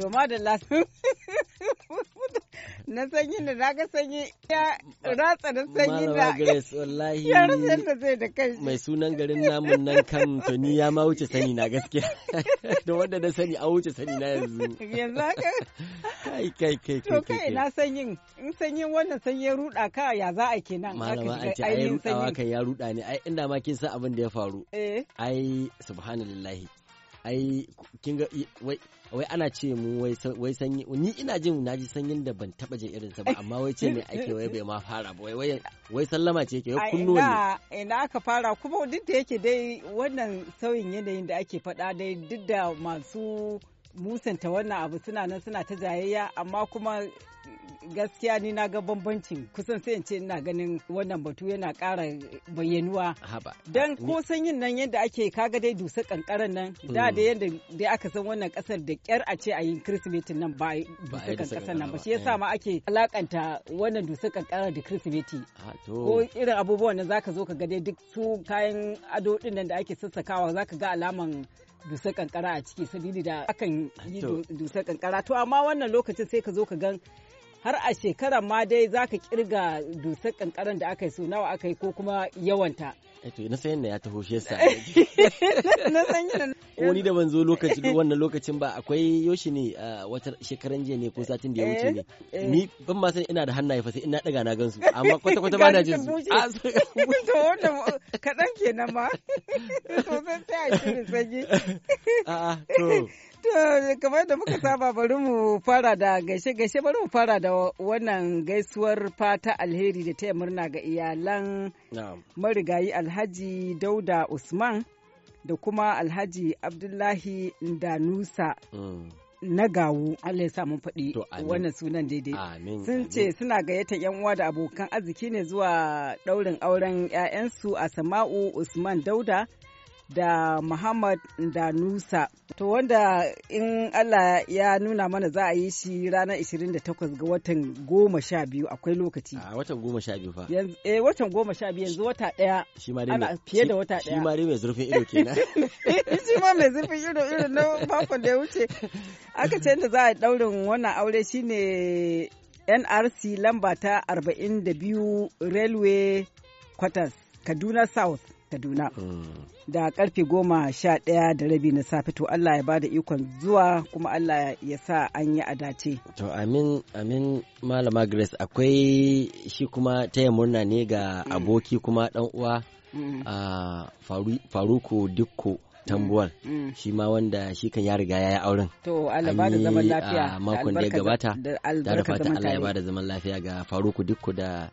To da na sanyi da na ga sanyi ya ratsa na sanyi da wallahi ya ratsa da zai da kai mai sunan garin namun nan kan tuni ya ma wuce sani na gaskiya da wanda na sani a wuce sani na yanzu yanzu haka kai kai kai to kai na sanyin in sanyin wannan sanyi ya ruda ka ya za a kenan malama a ce ai rudawa kai ya ruda ne ai inda ma kin san abin da ya faru eh ai subhanallahi ai kin ga wai wai ana ce mu wai sanyi ni ina jin na ji sanyin da ban taba jin irin sa ba amma wai ce ne ake wai bai ma fara ba wai sallama ce yake kunno ne ina aka fara kuma duk da yake dai wannan sauyin yanayin da ake faɗa dai duk da masu musanta wannan abu suna nan suna ta jayayya amma kuma gaskiya ni na ga bambancin kusan sai in ce ina ganin wannan batu yana kara bayyanuwa haba ko ko yin nan yadda ake kaga dai dusa kankaran nan da hmm. da yadda dai aka san wannan kasar da kyar a ce a yi kirsimetin nan ba dusa kankaran nan ba yasa ma eh. ake alakanta wannan dusa kankaran da kirsimeti ko irin abubuwan nan zaka zo ka ga dai duk su kayan ado din nan da ake sassakawa zaka ga alaman dusar kankara a ciki sabili da akan yi dusar kankara to amma wannan lokacin sai ka zo ka gan har a shekarar ma dai za ka kirga dusar kankaran da aka yi su nawa aka yi ko kuma yawanta. Eto eh na sayan ya taho shi yasa. Na san Wani da ban zo lokaci wannan lokacin ba akwai yoshi ne wata shekaran jiya ne ko satin da ya wuce ne. Eh, eh. Ni ban ma san ina da hannaye fa sai ina daga na gansu amma kwata kwata ba na jin su. Ah, to wannan kadan kenan ma. To sai a yi sanyi. A'a ah, to. To kamar da muka saba bari mu fara da gaishe gaishe bari mu fara da wannan gaisuwar fata alheri da taya murna ga iyalan marigayi Alhaji Dauda Usman da kuma Alhaji Abdullahi Danusa. Mm. na gawo Allah ya sa mun faɗi wannan sunan daidai sun ce suna gayyata yan uwa da abokan arziki ne zuwa ɗaurin auren 'ya'yansu a sama'u usman dauda da Muhammad Danusa. To wanda in Allah ya nuna mana za a yi shi ranar 28 ga watan goma sha biyu akwai lokaci. A watan goma sha biyu fa. Eh watan goma sha biyu yanzu wata ɗaya. Shi ma fiye da wata ɗaya. Shi ma mai zurfin ido kenan. Shi ma mai zurfin ido ido na makon da ya wuce. Aka ce da za a daurin wannan aure shine NRC lamba ta 42 Railway Quarters Kaduna South. Kaduna. Mm. Da karfe goma sha ɗaya da rabi na safe to Allah ya bada ikon zuwa kuma Allah ya sa an yi a dace. To amin amin malama Grace akwai shi kuma taya murna ne ga mm. aboki kuma dan uwa mm. a ah, Faruku dukko Tambuwar shi ma wanda shi kan ya riga ya yi auren to Allah ba da zaman lafiya ah, makon da ya gabata da fata Allah ya ba da zaman lafiya ga Faruku dukko da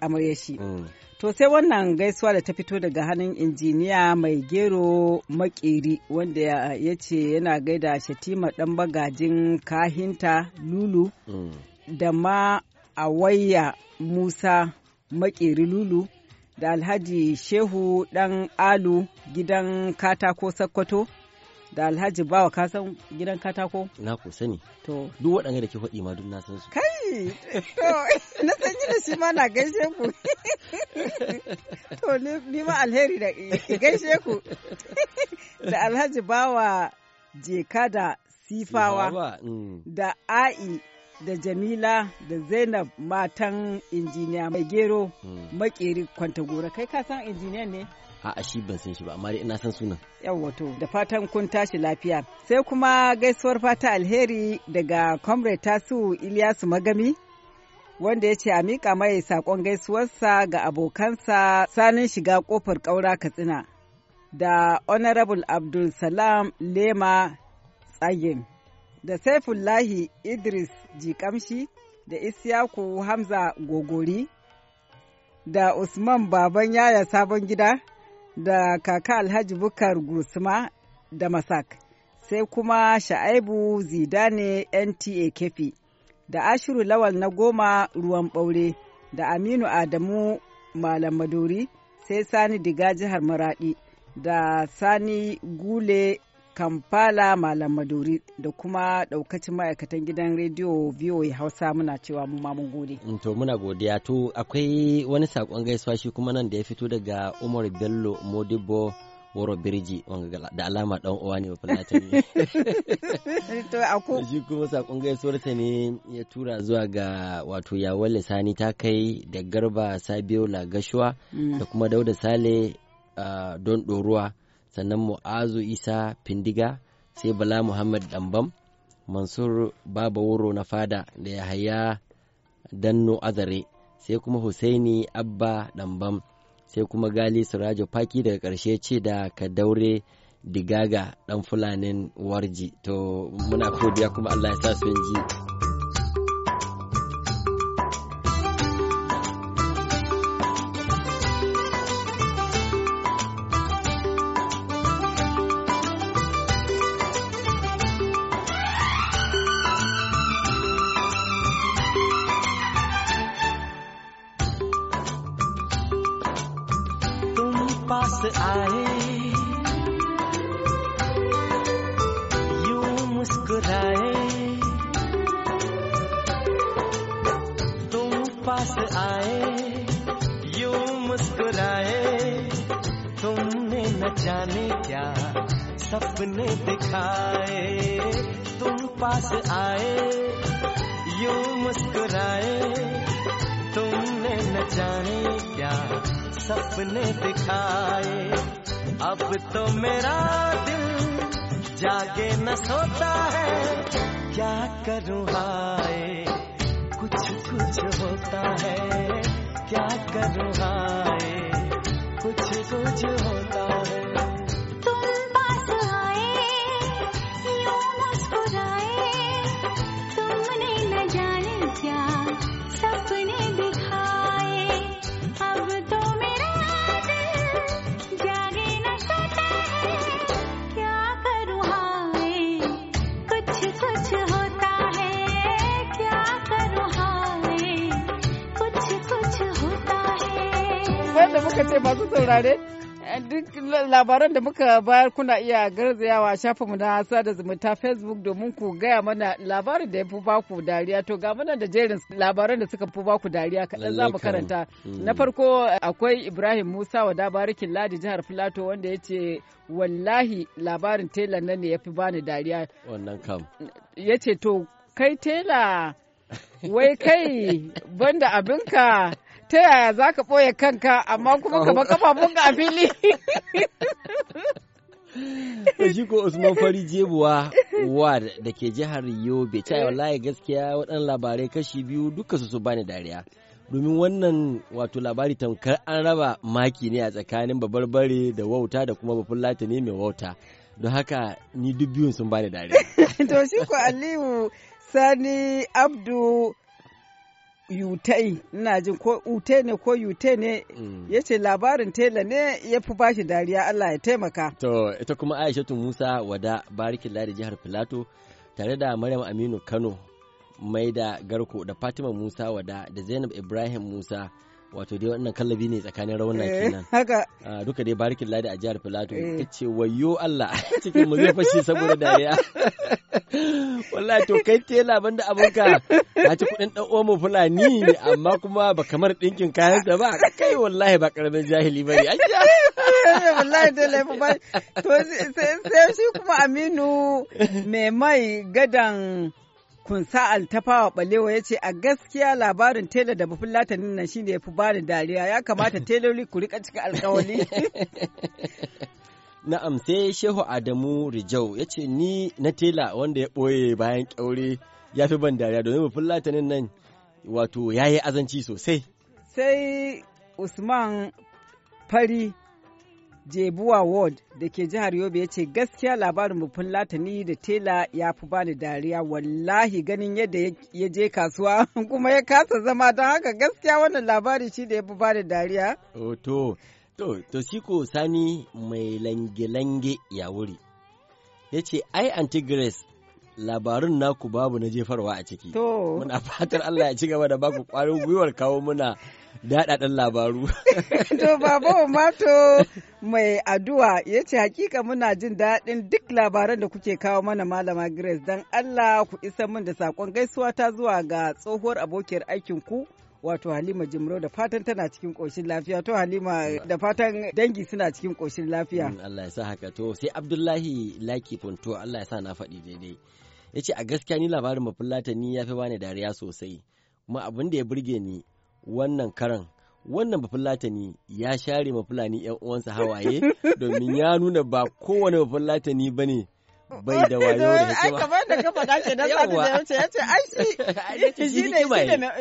amarya shi mm. to sai wannan gaisuwa da ta fito daga hannun injiniya mai gero makeri wanda ya ce yana gaida shatima dan bagajin kahinta lulu mm. da ma awayya musa makeri lulu da alhaji shehu dan alu gidan katako sakkwato da alhaji bawa kasan gidan katako na kusa ne to duk waɗanda da ke faɗi ma duk na san su kai sanyi to na san da shi ma na gaishe ku to ni ma alheri da gaishe ku da alhaji bawa jeka da sifawa mm. da a'i da jamila da zainab matan injiniya mai gero makeri mm. kwantagora kai ka san injiniya ne a'a shi ban san shi ba amma dai ina san sunan yawa to da fatan kun tashi lafiya sai kuma gaisuwar fata alheri daga comrade tasu Iliyasu Magami wanda ya ce a miƙa mai saƙon gaisuwarsa ga abokansa sanin shiga ƙofar ƙaura Katsina da Honorable Abdul Salam Lema Tsagin da Saifullahi Idris Jikamshi da Isyaku Hamza Gogori da Usman Baban Yaya Sabon Gida da kaka Alhaji Bukar gusma da Masak, sai kuma Sha'aibu Zidane NTA Kefi, da Ashiru Lawal na goma ruwan ɓaure, da Aminu Adamu Malam Maduri, sai Sani Diga jihar Maradi, da Sani Gule Kampala Malam Maduri da kuma daukacin ma'aikatan gidan rediyo VOA Hausa muna cewa mu ma mun gode. Mm, to muna godiya to akwai wani sakon gaisuwa shi kuma nan da ya fito daga Umar Bello Modibo Woro Birji da alama dan uwa ne bafulata ne. To ako. Shi kuma sakon gaisuwar ta ne ya tura zuwa ga wato Yawon Lisani ta kai da Garba Sabiu Lagashuwa mm. da kuma Dauda Sale ah, don ɗoruwa. sannan mu'azu isa findiga sai bala muhammad dambam mansur baba wuro na fada da ya haya danno azare sai kuma husaini abba dambam sai kuma gali surajo faki daga karshe ce da ka daure digaga dan fulanin warji to muna godiya kuma allah ya sa su ji मुस्कुराए तुम पास आए यूं मुस्कुराए तुमने न जाने क्या सपने दिखाए तुम पास आए यूं मुस्कुराए तुमने न जाने क्या सपने दिखाए अब तो मेरा दिल जागे न सोता है क्या करूँ हाय कुछ कुछ होता है क्या करूँ हाय कुछ कुछ होता है ka ce masu saurare? Eh, duk labaran da muka bayar kuna iya garzayawa shafinmu na sada zumunta Facebook domin ku gaya mana labarin da ya fi baku dariya. To ga mana da jerin labaran da suka fi baku dariya kaɗan za mu karanta. Mm. Na farko akwai Ibrahim Musa wa dabarikin Ladi jihar Filato wanda ya ce wallahi labarin tela nan ne ya fi bani dariya. Wannan kam. Ya ce to kai tela wai kai banda abinka ta yaya za ka ɓoye kanka amma kuma ka baka a fili shi ko usman fari jebuwa wa da ke jihar yobe ta wallahi gaskiya waɗannan labarai kashi biyu duka su su bani dariya domin wannan wato labari tamkar an raba maki ne a tsakanin babarbare da wauta da kuma bafin latini mai wauta don haka ni duk biyun sun bani dariya to shi ko aliyu sani abdu yutai e, ina jin ko utai e ne ko yutai e ne mm. ya ce labarin tela ne ya fi bashi dariya Allah ya taimaka. To ita kuma Aishatu Musa wada barikin ladi jihar Filato tare da Maryam Aminu Kano mai da garko da Fatima Musa wada da Zainab Ibrahim Musa wato dai wannan kallabi ne tsakanin raunan eh, kenan haka ah, duka dai barikin ladi a jihar filato ta eh. ce wayo Allah cikin mu zai fashi saboda dariya wallahi to kai tela banda abun ka ci kudin dan uwan fulani amma kuma ba kamar dinkin kayan sa ba kai wallahi ba karamin jahili bane ayya eh, wallahi dai laifi ba to sai shi kuma Aminu mai mai gadan kunsa altafawa balewa ya ce a gaskiya labarin tela da bufin latanin nan shine ya fi bani dariya ya kamata teloli ku rika cika alkawali na'am sai shehu adamu rijau ya ce ni na tela wanda ya ɓoye bayan ƙyaure ya fi ban dariya domin bufin latanin nan wato ya yi azanci sosai sai usman fari jebuwa ward da ke jihar yobe ya ce gaskiya labarin bufin latani da tela ya fi bani dariya wallahi ganin yadda ya je kasuwa kuma ya kasa zama don haka gaskiya wannan labari shi da ya fi bani dariya to to to shi ko sani mai lange-lange ya wuri ya ce ai anti grace labarun naku babu na jefarwa a ciki to muna fatar allah ya ci gaba da baku kwarin gwiwar kawo muna daɗaɗɗen labaru. To Baba Mato mai addu'a ya ce hakika muna jin daɗin duk labaran da kuke kawo mana Malama Grace don Allah ku isa min da sakon gaisuwa ta zuwa ga tsohuwar abokiyar aikin ku wato Halima Jimro da fatan tana cikin ƙoshin lafiya to Halima da fatan dangi suna cikin ƙoshin lafiya. Mm, Allah ya sa haka to sai Abdullahi Laki Fonto Allah ya sa na faɗi daidai. Ya ce a gaskiya ni labarin mafullata ni ya fi bani dariya sosai kuma abin da ya burge ni wannan karan wannan bafulatani ya share mafulani yan uwansa hawaye domin ya nuna ba kowane bafulatani ba ne bai da wayo da hikima. Ai kamar da ka faɗa ke dan da yace yace ai shi shi ne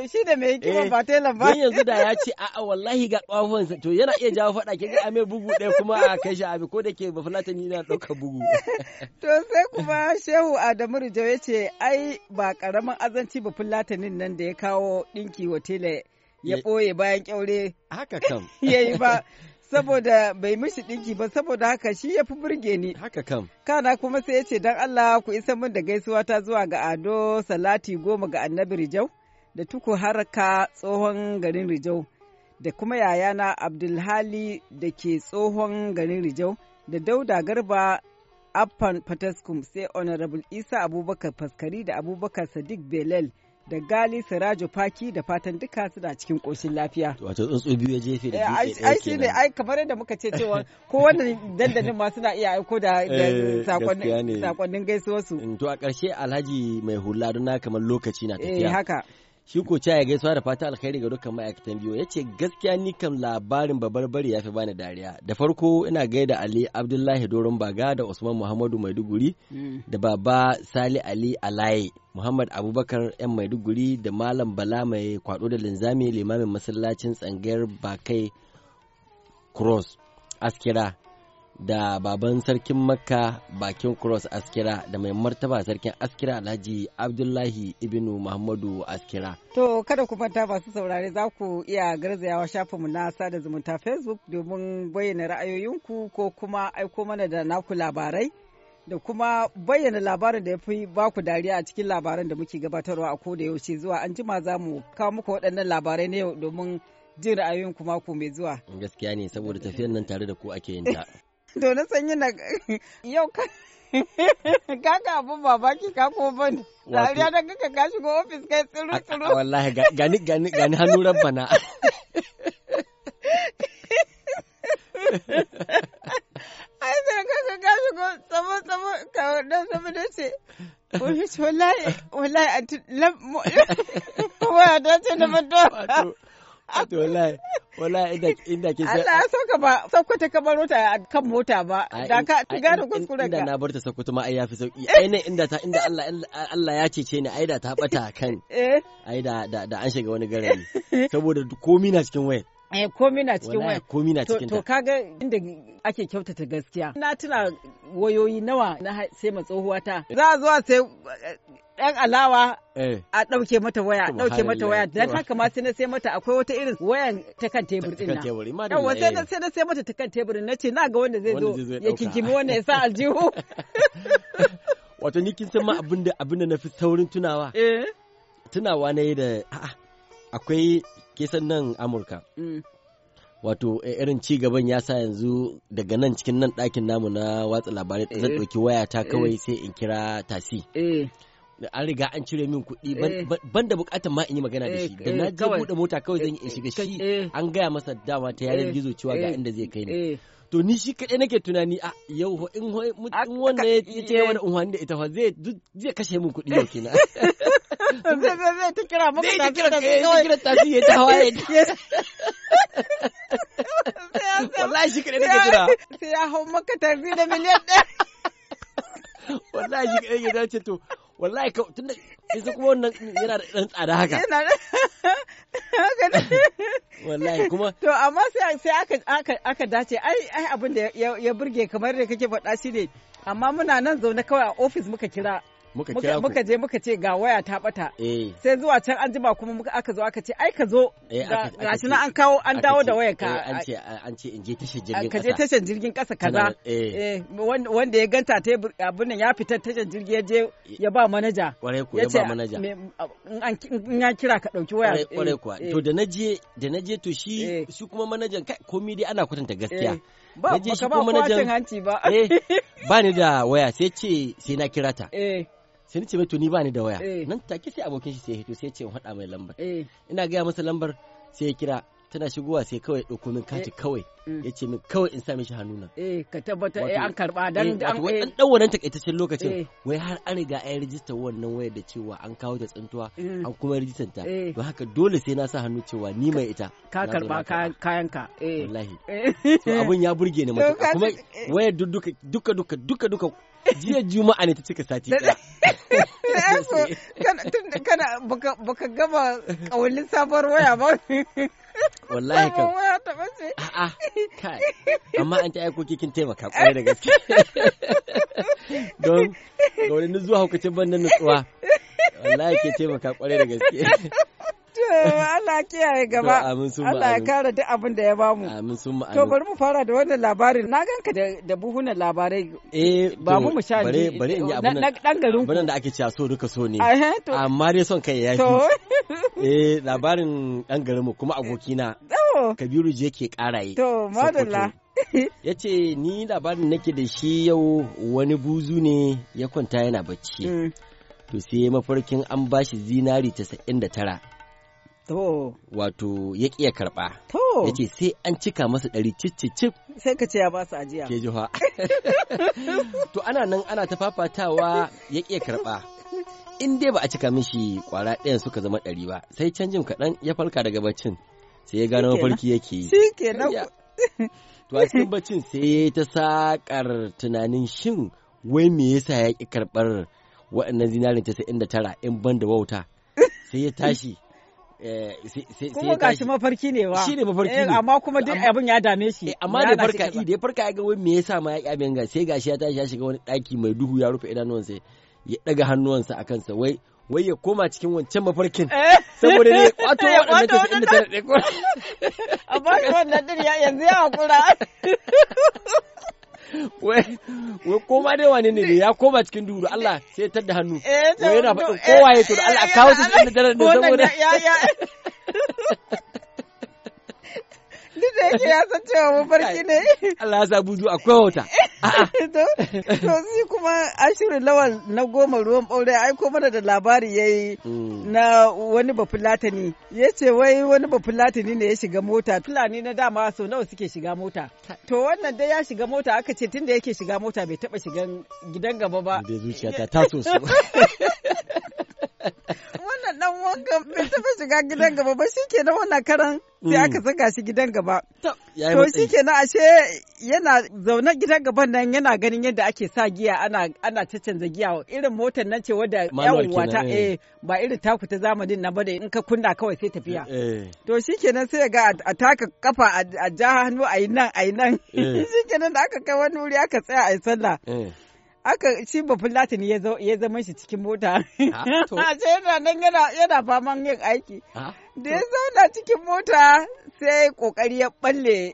shi da mai hikima eh, ba telan ba. yanzu da ya ce a'a wallahi ga kafafun to yana iya jawo faɗa ke ga ame bugu ɗaya kuma a kai shi abi ko da ke bafulatani na ɗauka bugu. To sai kuma Shehu Adamu Rijo ce ai ba ƙaramin azanci bafulatanin nan da ya kawo ɗinki wa tele ya ɓoye bayan ƙyaure haka kam ya yi ba saboda bai mishi ɗinki ba saboda haka shi ya fi burge ni kana kuma sai ya ce don Allah ku isa min da gaisuwa ta zuwa ga Ado Salati goma ga Annabi Rijau da tuku haraka tsohon garin Rijau da kuma yayana Abdulhali da ke tsohon garin Rijau da Dauda Garba afan Fataskum sai Honorable Isa Abubakar Faskari da Abubakar Sadiq Belel. da gali sirajo faki da fatan duka suna cikin koshin lafiya wato tsuntsu biyu ya jefe da jefe eh, ai shi ne ai kamar yadda muka ce cewa ko wannan dandalin ma suna iya aiko da eh, sakonnin gaisuwar su mm, to a ƙarshe alhaji mai hula don na kamar lokaci na eh, tafiya haka shi ko ya gaisuwa da fata alkhairi ga dukkan ma'aikatan biyu ya ce gaskiya ni kan labarin babarbari ya fi bani dariya da farko ina gaida ali abdullahi doron baga da usman muhammadu maiduguri mm. da baba sali ali alaye muhammad abubakar yan maiduguri da malam bala mai kwado da linzami limamin masallacin tsangayar bakai cross askira da baban sarkin makka bakin cross askira da mai martaba sarkin askira alhaji abdullahi ibnu muhammadu askira to kada ku manta masu saurare za ku iya garzayawa shafinmu na sada zumunta facebook domin bayyana ra'ayoyinku ko kuma aiko mana da naku labarai da kuma bayyana labarin da ya fi baku dariya a cikin labaran da muke gabatarwa a koda yaushe zuwa an jima za mu kawo muku waɗannan labarai na yau domin jin ra'ayoyinku mako mai zuwa. Gaskiya ne saboda tafiyar nan tare da ku ake yin ta. to na sanyi na yau kaka abun babaki ka ko bane dariya da kaka ka shigo ofis kai tsiru tsiru wallahi gani gani gani hannu bana. ai sai kaka ka shigo tsamo tsamo ka dan sama da ce wallahi wallahi a waya da ce na mato to wallahi wallahi inda inda ke sai Allah ya sauka ba saukata kamar baro ta kan mota ba da ka gane kuskuren ka inda na bar ta kuma ma ai yafi sauki eh. ai ne inda ta inda Allah Allah ya cece ni ai da ta bata kan eh. ai da da an shiga wani garari saboda komi na cikin wayar eh komi na cikin waya komi na cikin to kaga inda ake kyautata gaskiya na tuna wayoyi nawa na sai ma tsohuwa ta za a zuwa sai dan eh, alawa eh. a ɗauke mata waya a ɗauke mata waya dan haka ma sai na sai mata akwai wata irin wayan ta kan tebur din na yawa sai na eh. sai na sai mata ta kan tebur na ce na ga wanda zai zo ya kinkimi wanda ya sa aljihu wato ni kin san ma abinda abinda na fi saurin tunawa tunawa na yi da akwai kisan nan amurka mm. wato eh, irin ci gaban ya sa yanzu daga nan cikin nan dakin namu na watsa labarai zan eh. ɗauki wayata eh. kawai sai in kira tasi an riga an cire min kuɗi ban da bukatar ma in yi magana da shi da na je buɗe mota kawai zan yi in shiga shi an gaya masa dama ta yanar gizo cewa ga inda zai kai ni to ni shi kaɗai nake tunani a yau in wanda ya ce wani unhani da ita fa zai kashe min kuɗi yau kenan Zai zai ta kira ta kira ta kira ya ta ya hau maka da miliyan ya tunda yanzu kuma wannan yana da tsada haka. Yana da wallahi kuma to amma sai sai aka aka aka dace ai ai abin da ya burge kamar da kake faɗa shi ne amma muna nan zaune kawai a ofis muka kira muka kira muka je muka ce ga waya ta bata eh. sai zuwa can an jima kuma muka aka zo aka ce ai ka zo eh, shi na an kawo an dawo da wayar ka eh, an ce an ce in je tashar jirgin kasa ka je tashar jirgin kasa kaza wanda ya ganta ta abin nan ya fitar tashar jirgi ya je ya ba manaja kware ko ya ba manaja in an kira ka dauki waya kware kuwa to da naje da naje to shi shi kuma manajan kai komai dai ana kwatanta gaskiya ba ba ka ba hanci ba eh ba ni da waya sai ce sai na kira ta sai ni ce mai to ni bani da waya eh. nan take sai abokin shi sai ya hito sai ya ce in faɗa mai lambar eh. ina gaya masa lambar sai ya kira tana shigowa sai kawai ɗauko min kati eh. kawai mm. ya ce min kawai in sa mishi hannu nan. Eh ka tabbata eh an karba dan an eh dan dan wannan takaitaccen lokacin wai har an riga an rijista wannan wayar da cewa an kawo ta tsintuwa mm. an kuma rijistar ta to haka dole sai na sa hannu cewa ni mai ita. Ka karba kayan ka eh wallahi to abun ya burge ni mutum kuma wayar duka duka duka duka duka jiya juma'a ne ta cika sati ɗaya kana baka gama kawalin sabuwar waya ba wallahi kan waya ta bace a'a kai amma an ta aiko kikin taimaka kwarai da gaske don ga zuwa hukacin ban na nutsuwa wallahi ke taimaka kwarai da gaske Eh, Allah kiyaye gaba. Allah ya kare duk abin da ya bamu. Amin sun To bari mu fara da wannan labarin. Na ganka da buhuna labarai. Eh ba mu mu sha ni. Bari in yi abin nan. Dan garin ku. da ake cewa so duka so ne. Amma dai son kai ya To. Eh labarin dan garin mu kuma abokina. Kabiru je ke karaye. To madalla. ya ce ni labarin nake da shi yau wani buzu ne ya kwanta yana bacci. Mm. To sai mafarkin an bashi zinari tara. Wato ya ƙiya karɓa. Ya ce sai an cika masa ɗari cicicif. Sai ka ce ya ba su ajiya. Ke jiha. to ana nan ana ta fafatawa ya ƙiya karɓa. In dai ba a cika mishi ƙwara ɗayan suka zama ɗari ba sai canjin kaɗan ya farka daga baccin sai ya gano mafarki yake yi. baccin sai ta saƙar tunanin shin wai me yasa ya ƙi karɓar waɗannan zinarin ta sai inda tara in ban da wauta sai ya tashi. Eh, kuma ga shi mafarki ne wa shi ne mafarki eh, ne amma kuma duk abin ya dame shi eh, amma da farka idi da farka ya ga wai me yasa ma ya kyamen ga sai gashi ya tashi ya shiga wani daki mai duhu ya rufe idanuwansa ya daga hannuwansa akan sa wai wai ya koma cikin wancan mafarkin saboda ne kwato waɗanda ta inda ta ko amma wannan din yanzu ya hakura wai koma dai wane ne ne ya koma cikin duru Allah sai tar da hannu eh, wai yana faɗin eh, kowa eh, ya to Allah kawo su cikin daren da saboda Duk yake ya san cewa mu ne. Allah ya sa buju akwai wata. To shi kuma ashirin lawan na goma ruwan ɓaure aiko mana da labari yayi hmm. na wani bafulatani. Ya ce wai wani bafulatani ne ya shiga mota. Fulani na dama so nawa suke shiga mota. To wannan dai ya shiga mota aka ce tunda yake shiga mota bai taɓa shigan gidan gaba ba. dan wanka bai taba shiga gidan gaba ba shikenan wannan karan sai aka mm. saka shi gidan gaba to shikenan ashe yana zaune gidan gaban nan yana ganin yadda ake sa giya ana ana canza giya irin motar nan ce wadda yawwa ta eh. eh ba irin taku ta zamanin na ba da in ka kunna kawai sai tafiya eh, eh. to shikenan sai ga a taka kafa a ja a yi nan a yi nan shikenan da aka kai wani wuri aka tsaya a yi sallah aka shi ba latin ya zama shi cikin mota a ah, ce yana nan yana faman yin aiki ah, da ya zauna cikin mota sai kokari ya balle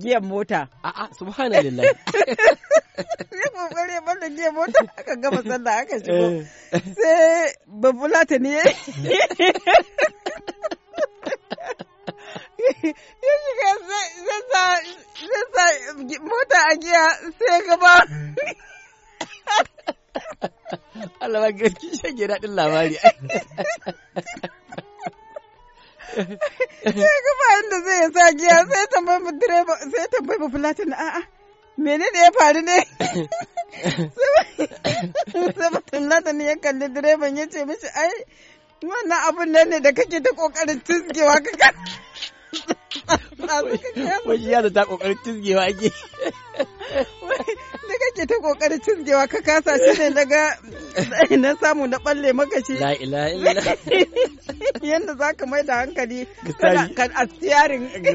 giyan mota a'a subhanallah ya kokari ya balle giyan mota aka gama sallah aka shigo eh. sai ba latin ya ya shiga zai sa mota a giya sai gaba Allah ba garki shage daɗin labari. Sai ga ba inda zai ya sa giya sai tambayi mu direba sai tambayi mu fulatin a'a menene ya faru ne? Sai ba fulatin ya kalli direban ya ce mishi ai wannan abun nan ne da kake ta kokarin tisgewa ka kan. Wai ya da ta kokarin tisgewa ake. kake ta kokarin jewa ka kasa shi ne na ga na samu na balle maka shi la ilaha illa yanda zaka mai da hankali kan a tiyarin a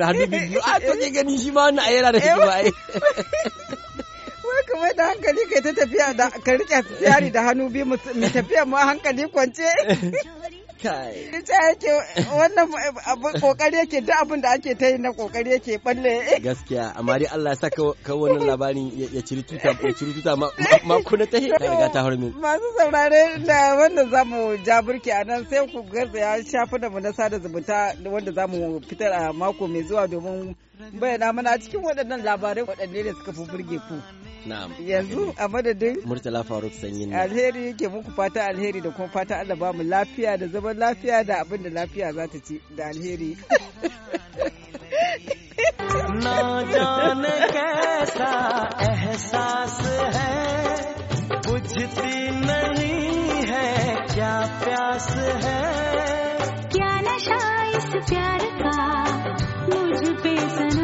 ah, to ke gani shi ma wannan ayyana da shi ba ai wai ka mai da hankali kai ta tafiya da ka rike tiyari da hannu biyu mu tafiya mu hankali kwance kai ita yake wannan abin kokari yake duk abin da ake ta yi na kokari yake balle gaskiya amma dai Allah ya sa ka wannan labarin ya ciri tuta ya ciri tuta ma kuna ta ta riga ta harmi masu saurare da wanda zamu jaburke a nan sai ku garzaya shafi da mu na sada zumunta wanda zamu fitar a mako mai zuwa domin bayyana mana cikin waɗannan labarai waɗanne ne suka fi burge ku Na'am. Yanzu a madadin Murtala Faruk Sanyin Alheri yake muku fata alheri da kuma fata Allah ba mu lafiya da zaman lafiya da abin da lafiya za ta ci da alheri. Na jan kaisa एहसास hai bujhti nahi hai kya pyaas hai kya nasha is pyar ka mujh pe सना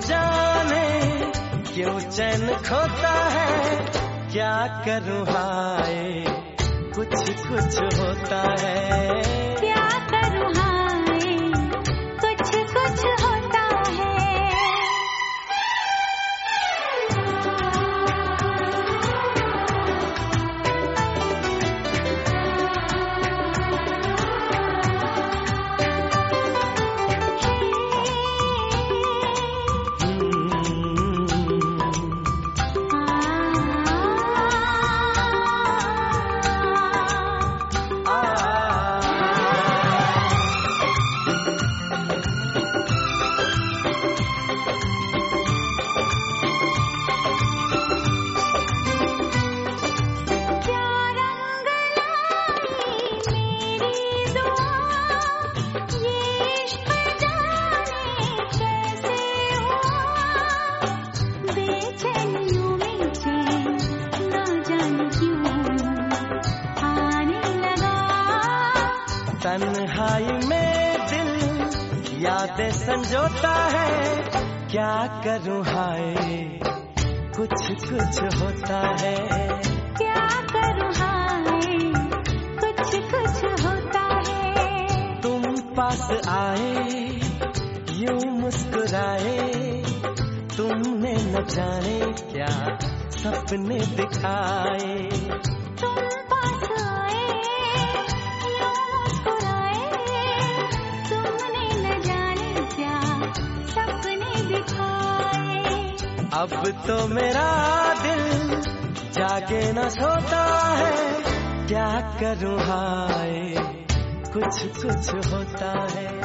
जाने क्यों चैन खोता है क्या करूँ हाय कुछ कुछ होता है संजोता है क्या करूं हाय कुछ कुछ होता है क्या करूं हाय कुछ कुछ होता है तुम पास आए यूं मुस्कुराए तुमने न जाने क्या सपने दिखाए तुम पास आए अब तो मेरा दिल जागे न सोता है क्या करूँ हाय कुछ कुछ होता है